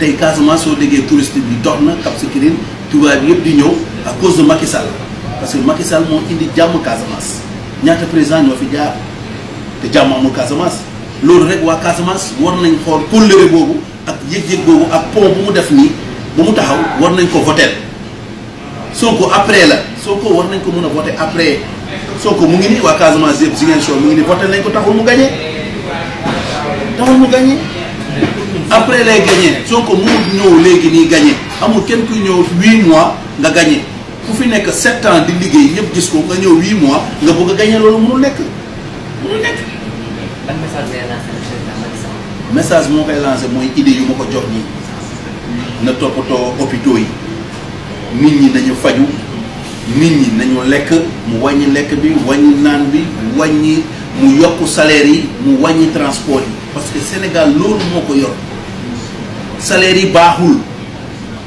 tey Casamance soo déggee touriste bi dox na Cap Skirring tubaab yëpp di ñëw à cause de Macky Sall parce que Macky Sall moo indi jàmm Casamance ñaata président ñoo fi jaar te jàmm amul Casamance loolu rek waa Casamance war nañ xool kóllëre boobu ak yëg-yëg boobu ak pont bu mu def nii bu mu taxaw war nañ ko voter soo ko après la soo ko war nañ ko mën a voter après soo ko mu ngi nii waa Casamance yëpp Ziguinchor mu ngi nii voter nañ ko taxul mu gagné après lay gagné Sonko mu ñëw léegi nii gagné amul kenn kuy ñëw huit mois nga gagné ku fi nekk sept ans di liggéey ñëpp gis ko nga ñëw huit mois nga bëgg a gagné loolu mënul nekk mënul nekk. ban message moo koy lancé mooy idée yu ma ko jox nii na toppatoo hôpitaux yi nit ñi nañu faju nit ñi nañu lekk mu wàññi lekk bi wàññi naan bi wàññi mu yokk salaire yi mu wàññi transport yi parce que Sénégal loolu moo ko yor. salaire yi baaxul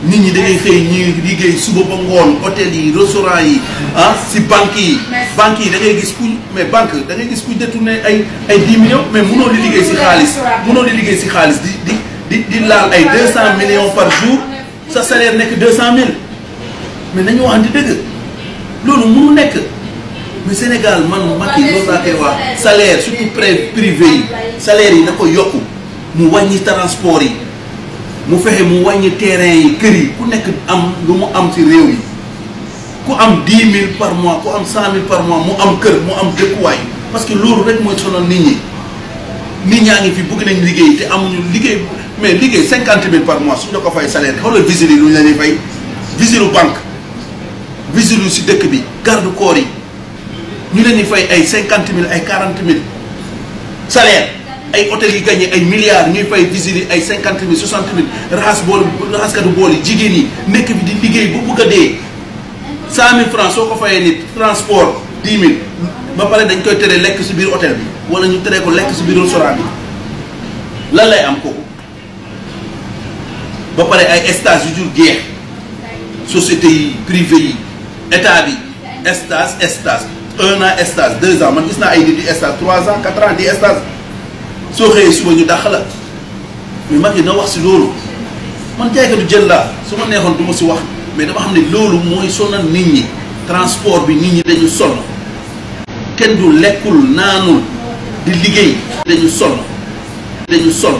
nit ñi dañuy xëy ñuy liggéey suba ba ngoon hôtel yi restaurant yi ah si banque yi banque yi da ngay gis kuñ mais banque da ngay gis kuñ détourné ay ay 10 millions mais munoo di liggéey si xaalis mënoo di liggéey si xaalis di di di di laal ay 200 millions par jour sa salaire nekk mille mais nañu waxante dëgg loolu mënu nekk mais Sénégal man Macky loolu laa koy wax salaire surtout privé yi salaire yi na ko yokku mu wàññi transport yi mu fexe mu wàññi terrain yi kër yi ku nekk am lu mu am si réew yi ku am dix mille par mois ku am cent mille par mois mu am kër mu am dëkkuwaay parce que loolu rek mooy sonal nit ñi nit ñaa ngi fi bëgg nañ liggéey te amuñu liggéey mais liggéey cinquante mille par mois suñu la ko fay salaire xoolal visite yi lu ñu la ñuy fay banque visite ci dëkk bi garde corps yi ñu leen di fay ay cinquante mille ay quarante mille salaire. ay hôtel yi gagné ay milliards ñuy fay visite yi ay cinquante mille soixante mille raxas bool raxaskatu bool yi jigéen yi nekk bi di liggéey bu bugg a dee cent mille francs soo ko fayee nit transport dix mille ba pare dañ koy tere lekk si biir hôtel bi wala ñu tere ko lekk si biir restaurant bi lan am kooku ba pare ay stage yu jur geex société yi privé yi état bi stage stage un an stage deux ans man gis naa ay nit di stage trois ans quatre soo xëyee suba ñu dàq la mais mag yi na wax si loolu man jaaykatu jën laa su ma neexoon du ma si wax mais dama xam ne loolu mooy sonal nit ñi transport bi nit ñi dañu sonn kenn du lekkul naanul di liggéey dañu sonn dañu sonn